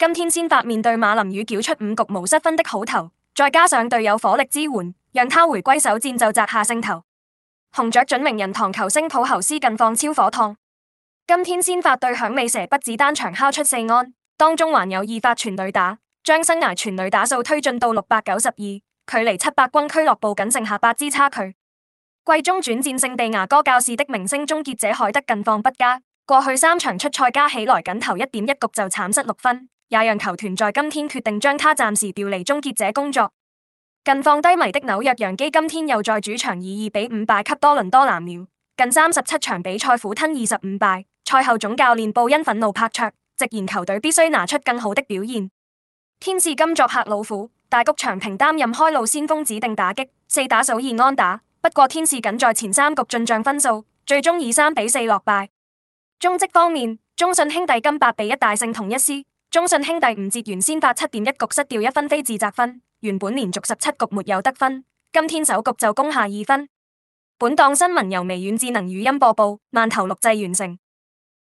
今天先發面對馬林魚繳出五局無失分的好投，再加上隊友火力支援，讓他回歸首戰就摘下勝投。紅雀準名人堂球星普侯斯近況超火燙。今天先發對響尾蛇不止單場敲出四安，當中還有二發全壘打，將生涯全壘打數推進到六百九十二，距離七百轟俱樂部僅剩下八支差距。季中轉戰聖地牙哥教士的明星終結者海德近況不佳，過去三場出賽加起來僅投一點一局就慘失六分。也讓球團在今天決定將他暫時調離終結者工作。近況低迷的紐約洋基今天又在主場以二比五敗給多倫多藍鳥，近三十七場比賽苦吞二十五敗。賽後總教練布恩憤怒拍桌，直言球隊必須拿出更好的表現。天使今作客老虎，大谷翔平擔任開路先鋒指定打擊，四打數二安打。不過天使僅在前三局進賬分數，最終以三比四落敗。中職方面，中信兄弟今八比一大勝同一師。中信兄弟吳哲源先發七點一局失掉一分非自責分，原本連續十七局沒有得分，今天首局就攻下二分。本檔新聞由微軟智能語音播報，饅頭錄製完成。